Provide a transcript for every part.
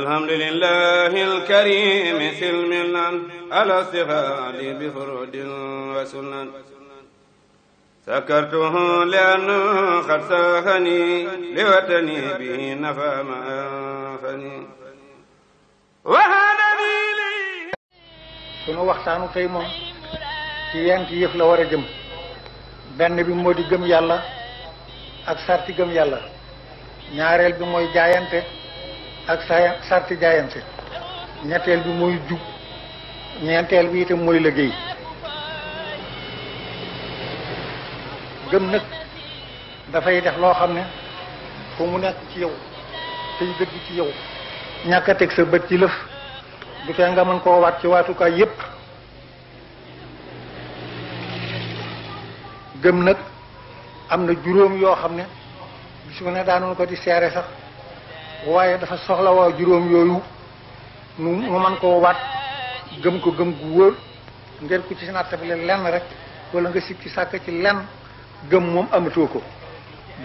الحمد لله الكريم سلمنا على استغاد بفرود وسنن سكرته لأنه قد ساخني لوطني به نفى ما أنفني وهذا لي sunu waxtaanu tey moom ci yanki yëf la war a jëm benn bi moo di gëm yàlla ak sarti gëm yàlla ñaareel bi mooy jaayante ak sa sarti jaayante ñetteel bi mooy jub ñeenteel bi itam mooy léggéey gëm nag dafay def loo xam ne fu mu nekk ci yow tey dëgg ci yow ñàkk a teg sa bët ci lëf du tee nga mën koo waat ci waatukaay yépp gëm nag am na juróom yoo xam ne bisu ne daanoon ko di seere sax waaye dafa soxla waa juróom yooyu nu man mën koo waat gëm ko gëm gu wër ngeen ku ci nattable lenn rek wala nga sikki sàkk ci lenn gëm moom amatoo ko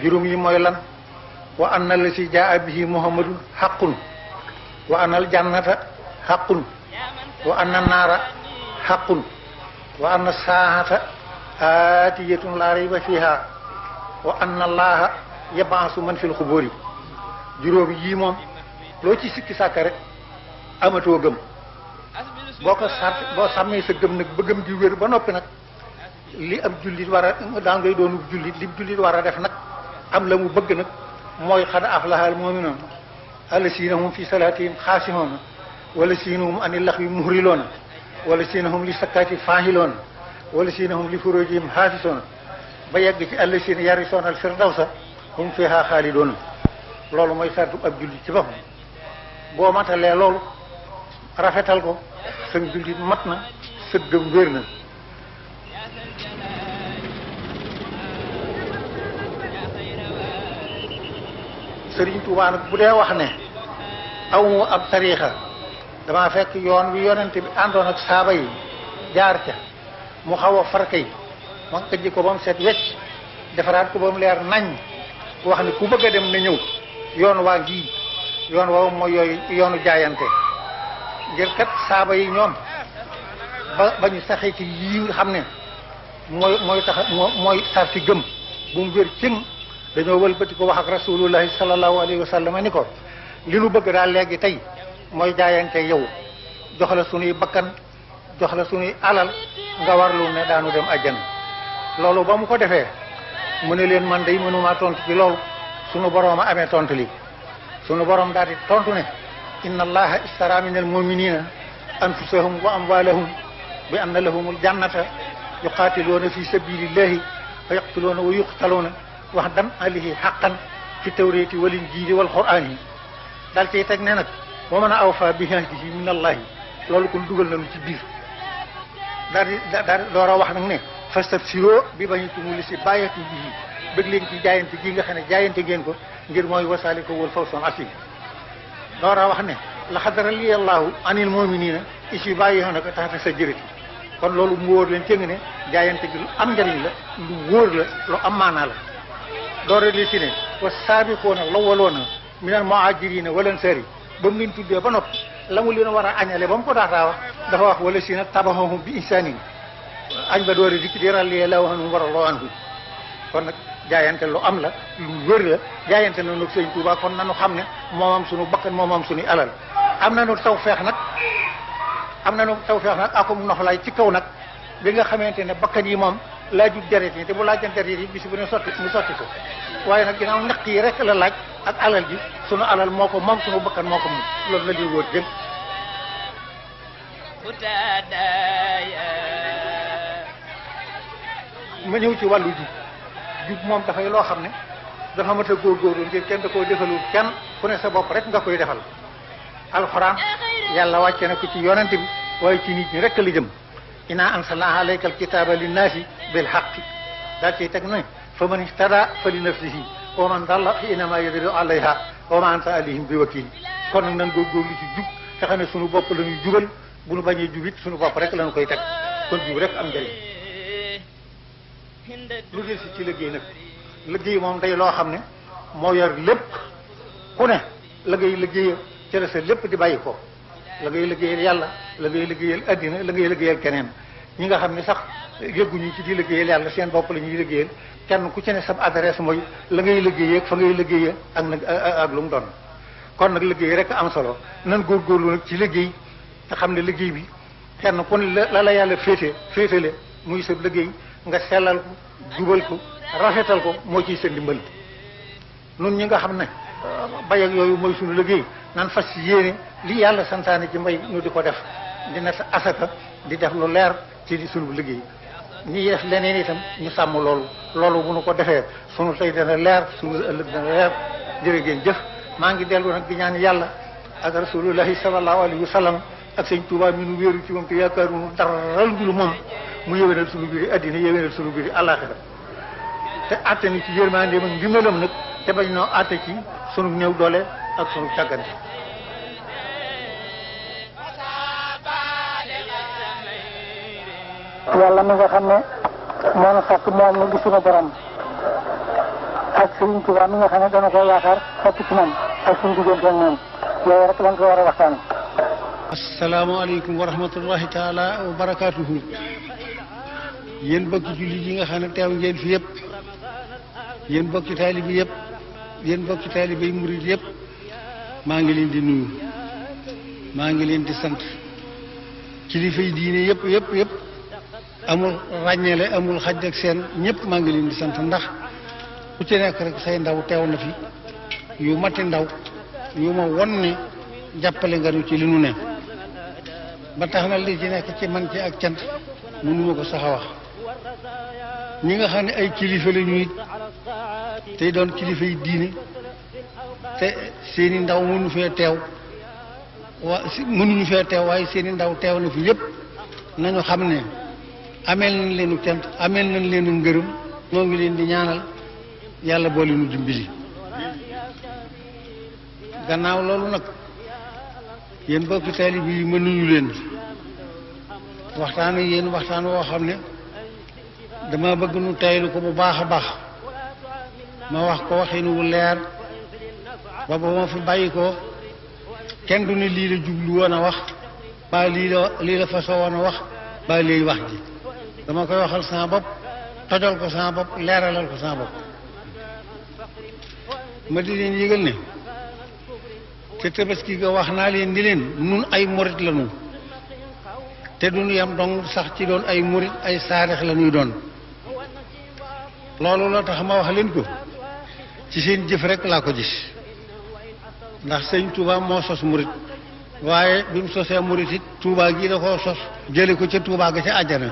juróom yi mooy lan wa anna la si jaa bihi muhammadun xaqun wa anna al jannata xaqun wa anna naara xaqun wa anna saahata aatiyatun laa rayba fiha wa anna allaha yabaasu man fil xubóori juróom yii moom loo ci sikki sàkka rek amatoo gëm boo ko sàr boo sàmmee sa gëm nag ba gëm di wér ba noppi nag li ab jullit war a daan ngay doonu jullit li jullit war a def nag am la mu bëgg nag mooy xad aflaha al mu'minun allasiina hum fi salaatihim xaasihoona wallasiina hum ani laxwi muhriloona wallasiina hum li sakkaati faahiloona wallasiina hum li furuujihim xaafisoona ba yegg ci allasiina yarisoona al firdawsa hum fiihaa xaalidoona loolu mooy sartu ab jullit ci boppam boo matalee loolu rafetal ko sa jullit mat na sa gëm wér na sëriñ Tuubaa nag bu dee wax ne aw ab tariixa dama fekk yoon wi yonente bi àndoon ak saaba yi jaar ca mu xaw a farka yi man ko ji ko ba mu set wecc defaraat ko ba mu leer nañ wax ni ku bëgg a dem na ñëw yoon waa ngi yoon woowu mooy yooyu yoonu jaayante ngir kat saaba yi ñoom ba ba ñu saxee ci lii xam ne mooy mooy tax mooy sar ci gëm bu mu wér cim dañoo wëlpatiku ko wax ak rasulullahi sallallahu alayhi wa sallam ni ko li nu bëgg daal léegi tey mooy jaayante yow jox la sunuy bakkan jox la sunuy alal nga warlu ne daanu dem ajjan loolu ba mu ko defee mu ne leen man day mënumaa tontu ci loolu sunu boroom a amee tontu li sunu boroom daal di tontu ne inna allaha istara min al muminina anfusahum wa amwalahum bi anna lahumul jannata yuqatiluuna fi sabilillahi fa yaqtuluuna wa yuqtaluuna wax dan alihi xaqan fi tawréeti wal injiili wal quraan yi daal cay teg ne nag wa man awfa bi ahdihi min allahi lool kon dugal nañu ci biir daal di daal door a wax nag ne fastabsiroo bi bañitumu li si bihi bëgg leen ci jaayante gi nga xam ne jaayante ngeen ko ngir mooy wasaali ko wal fawsan asim doora wax ne la xadara li allahu anil muminina isi bàyyi na ko taxata sa jërëti kon loolu mu wóor leen cëng ne jaayante gi lu am njariñ la lu wóor la lu am maanaa la doora li ci ne wa saabiquuna lawaloona minal muhajirina wal ansari ba mu leen tuddee ba noppi la mu leen war a añale ba mu ko daataa wax dafa wax wala si na tabaxahum bi insaanin añ ba doori a loo jaayante lu am la lu wér la jaayante nañu ak sëñ Tuubaa kon nanu xam ne moo am suñu bakkan moo am suñu alal am nañu taw feex nag am nañu taw feex nag akum noflaay ci kaw nag bi nga xamante ne bakkan yi moom laajut deret yi te bu laajee deret yi bis bu ne sotti mu sotti ko waaye nag ginnaaw ñaq yi rek la laaj ak alal ji sunu alal moo ko moom sunu bakkan moo ko moom loolu la ñuy wóor jëm ma ñëw ci wàllu ji jub moom dafay loo xam ne dafa mat a góorgóorlu ngir kenn da koo defalul kenn ku ne sa bopp rek nga koy defal alxuraan yàlla wàcce na ko ci yonent bi waaye ci nit ñi rek la jëm inaa anzalnaa alayka alkitaaba linnaasi bil haqqi daal ciy teg ne fa man ihtada fa li nafsihi wa man dalla fa innamaa yadillu alayha wa maa anta alayhim bi wakiil kon nag nan góorgóorlu ci jub te xam ne sunu bopp la ñuy jubal bu nu bañee jubit sunu bopp rek la ñu koy teg kon jub rek am njëriñ lu del ci liggéey nag liggéey moom day loo xam ne moo yor lépp ku ne la ngay liggéey ci sa lépp di bàyyi ko la ngay liggéeyal yàlla la ngay liggéeyal addina la ngay liggéeyal keneen ñi nga xam ne sax yëgguñu ci di liggéeyal yàlla seen bopp la ñuy liggéeyal kenn ku ci ne sab adresse mooy la ngay liggéeyee ak fa ngay liggéeyee ak nag ak lu mu doon kon nag liggéey rek am solo nan góorgóorlu nag ci liggéey te xam ne liggéey bi kenn ku ne la la yàlla féete muy sa liggéey nga sellal ko jubal ko rafetal ko moo ciy sa ndimbal nun ñi nga xam ne ah, bay yooyu mooy suñu liggéey naan fas yéene li yàlla santaane ci mbay ñu di ko def dina sa asaka di def lu leer ci suñu liggéey ñi def leneen itam ñu sàmm loolu loolu bu nu ko defee suñu tey dana leer suñu ëllëg dana leer jërë ngeen jëf maa ngi dellu nag di ñaan yàlla ak rasulullahi sallallahu alayhi wa sallam ak sëñ Touba mi nu wéeru ci moom te yaakaaruñu dara lu dul moom mu yéwénal suñu biir addina yéwénal suñu biir àllaaxira te àtte ni ci yërmandeem ak ndimbalam nag te bañ noo àtte ci sunu néew doole ak sunu càggante yàlla mi nga xam ne moo nu moom nu di suñu borom ak sëñ Touba mi nga xam ne dana ko yaakaar fekk ci moom ak suñu diggante moom yooyu rek lañ ko war a waxtaan asalaamaaleykum wa rahmatullahi taala wa barakaatuhu yéen bokki jullit yi nga xam ne teew ngeen fi yëpp yéen bokki taalibi yëpp yéen bokki taalibi yi murit yëpp maa ngi leen di nuyu maa ngi leen di sant kilifa yi diine yëpp yëpp amul ràññeele amul xaj ak seen ñëpp maa ngi leen di sant ndax ku ci nekk rek say ndaw teew na fi yu mati ndaw yu ma won ne jàppale nga nu ci li nu ne ba tax na li ci nekk ci man ci ak cant mënuma ko sax a wax ñi nga xam ne ay kilifa la ñuy tey doon kilifa yi diine te seeni ndaw mënuñu fee teew wa mënuñu fee teew waaye seeni ndaw teew na fi yépp nañu xam ne ameel nañ leenu cant ameel nañ leenu ngërëm ñoo ngi leen di ñaanal yàlla boole nu dimbali gannaaw loolu nag yéen bokki taalib yi mënuñu leen waxtaan yéen waxtaan woo xam ne dama bëgg nu taylu ko bu baax a baax ma wax ko waxin wu leer ba ba ma fi bàyyi ko kenn du ne lii la jublu woon a wax ba lii la lii la faso woon a wax ba lii wax ji dama koy waxal sama bopp tojal ko sama bopp leeralal ko sama bopp ma di leen yëgal ne te tabaski ga wax naa leen di leen nun ay morit lañu te duñu yam dong sax ci doon ay morit ay saarix la ñuy doon loolu la tax ma wax leen ko ci seen jëf rek laa ko gis ndax sëñ Touba moo sos murit waaye bi mu sosee murit it tuubaa gii da koo sos jële ko ca Touba ga ca àjjana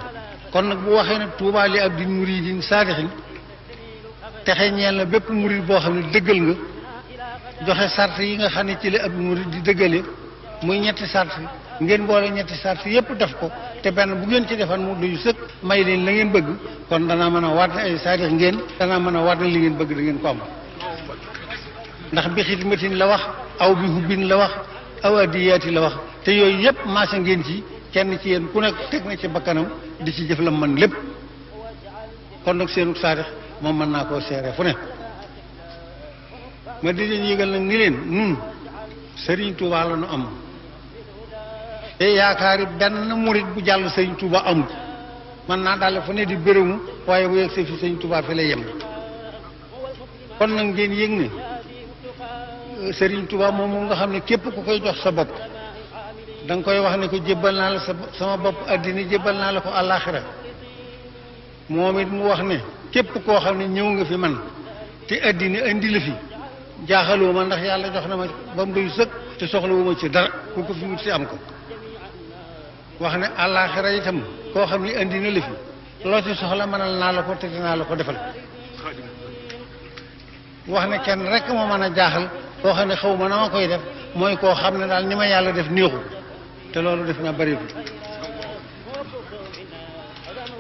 kon nag bu waxee ne Touba li ab di muridin saadixin texe ñeel la bépp murit boo xam ne dëggal nga joxe sart yi nga xam ne ci la ab murid di dëggale muy ñetti sart ngeen boole ñetti sart yépp def ko te benn bu ngeen ci defan mu duñu sëkk may leen la ngeen bëgg kon danaa mën a waat ne ay saadix ngeen danaa mën a war ne li ngeen bëgg da ngeen ko am ndax bi xidmatin la wax aw bi hubbin la wax aw adiyaati la wax te yooyu yépp maase ngeen ci kenn ci yéen ku nekk teg na ci bakkanam di ci jëf la man lépp kon nag seenu saadix moom mën naa koo seere fu ne ma di leen yëgal nag ni leen nun sëriñ Touba la nu am te yaakaar yaakaari benn murit bu jàll sëriñ tuuba amul man naa daal fu ne di bërëmu waaye bu yegg see fi sëriñ Touba fi la yem kon nag ngeen yëg ne euh, sëriñ Touba moom nga xam ne képp ku koy jox sa bopp da koy wax ne ko jébbal naa la sa sama bopp àddina jébbal naa la ko àllaaxira moom it mu wax ne képp koo xam ne ñëw nga fi man te àddina andi fi jaaxaloo ma ndax yàlla jox na ma ba mu doy sëg te soxlawu ma ci dara ku ko fi wut si am ko wax ne àllaaxira itam koo xam ne andi na la fi loo ci soxla mënal naa la ko te dinaa la ko defal wax ne kenn rek moo mën a jaaxal koo xam ne xaw na ma koy def mooy koo xam ne daal ni ma yàlla def néexu te loolu def naa bëriwul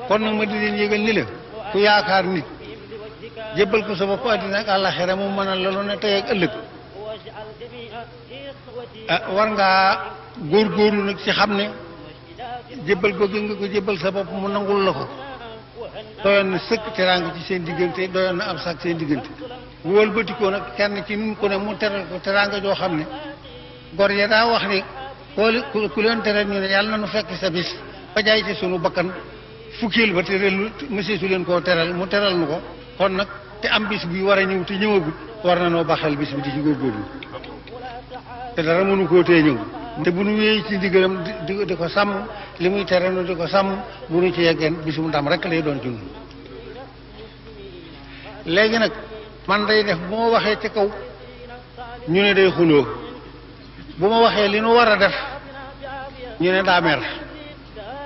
kon nag ma di leen yëgal ni la ku yaakaar nit jébbal ko sa bopp àddina ak àllaxira mu mënal la lu ne tey ak ëllëg ah góor ngaa góorgóorlu ci xam ne jébbal googu nga ko jébbal sa bopp mu nangul la ko doyoon na sëkk teraanga ci seen diggante doyoon na am sax seen diggante bu wëlbatikoo nag kenn ci nun ko ne mu teral ko teraanga joo xam ne gor ya daa wax ni koo ku leen teral ñu ne yàlla na nu fekk sa bis ba jaay ci sunu bakkan fukkeel ba te relu monsieur leen koo teral mu teral nu ko kon nag te am bis bi war a ñëw te ñëwagul war na noo baxal bis bi di ci góorgóorlu te dara mënu koo tee ñëw te bu nu wéyee ci diggalam di di ko sàmm li muy tere nu di ko sàmm bu nu ci yeggeen bisum ndam rek lay doon ci léegi nag man day def bu ma waxee ci kaw ñu ne day xuloo bu ma waxee li nu war a def ñu ne daa mer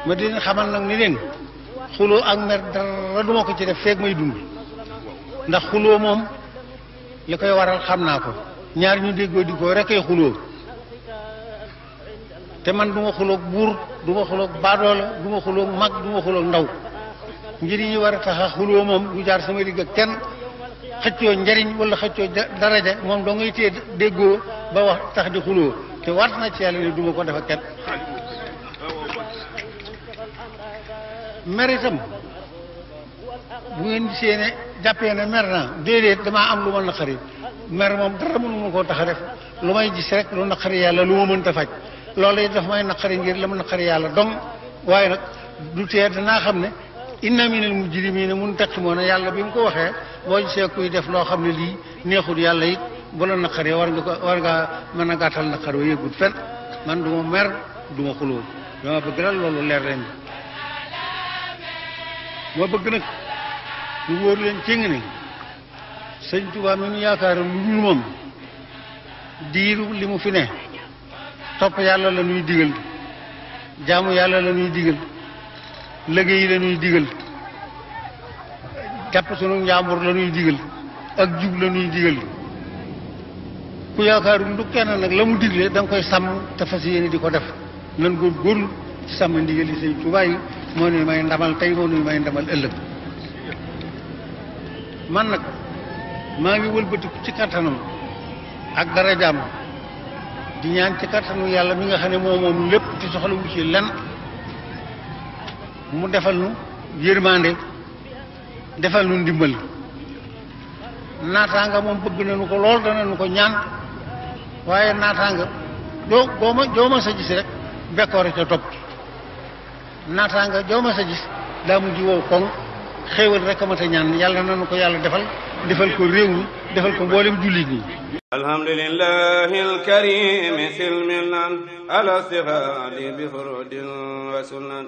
ma di leen xamal nag ni leen xuloo ak mer dara du ko ci def feeg may dund ndax xuloo moom li koy waral xam naa ko ñaar ñu déggoo di ko rekkee xuloo te man du ma xuloog buur du ma xuloog baadoola du xuloog mag du xuloog ndaw njëriñ yi war a tax a xuloo moom du jaar sama digg ak kenn xëccoo njëriñ wala xëccoo daraja moom doo ngay téye déggoo ba wax tax di xuloo te waat na ci yàlla ne du ko def ak kenn meritam bu ngeen gisee ne jàppee ne mer naa déedéet damaa am lu ma naqari mer moom dara mënu ma koo tax a def lu may gis rek lu naqari yàlla lu ma ta faj loolu it daf may naqari ngir la ma naqari yàlla dong waaye nag du tee danaa xam ne inna minal mujrimina muntaqimuuna yàlla bi mu ko waxee boo gisee kuy def loo xam ne lii neexul yàlla it bu la naqaree war nga ko war ngaa mën a gàttal naqar wa yëgul fen man du ma mer du ma xuloo dama bëgg dal loolu leer leen ñu wóor leen cëng ni sëñ Tuubaa mi ñu yaakaar lu dul moom diiru li mu fi ne topp yàlla la ñuy digal jaamu yàlla la ñuy digal liggéey la ñuy digal jàpp sunu njaambur la ñuy digal ak jub la ñuy digal ku yaakaaru du kenn nag la mu digle da koy sàmm te fas yéene di ko def nan góor góorlu ci sàmm ndigal yi sëñ Tuubaa yi moo nuy may ndamal tey moo nuy may ndamal ëllëg man nag maa ngi wëlbatiku ci kattanam ak darajaam di ñaan ci kattanu yàlla mi nga xam ne moom moom lépp ci soxlawu ci lenn mu defal nu yërmande defal nu ndimbal naataanga moom bëgg nañu ko lool nu ko ñaan waaye naataanga doo boo ma joo ma sa gis rek bekkoore ca topp naataanga joo ma daa mujj wow koŋ xéewal rek a mat a ñaan yàlla na nu ko yàlla defal defal ko réew mi defal ko mboolem jullit ñi alhamdulillahi alkarim silmilan ala sihadi bi furudin wa sunan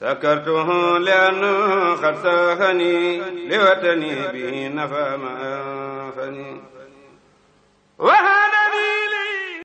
sakartuhu lianu xad sahani liwatani bi nafa ma anfani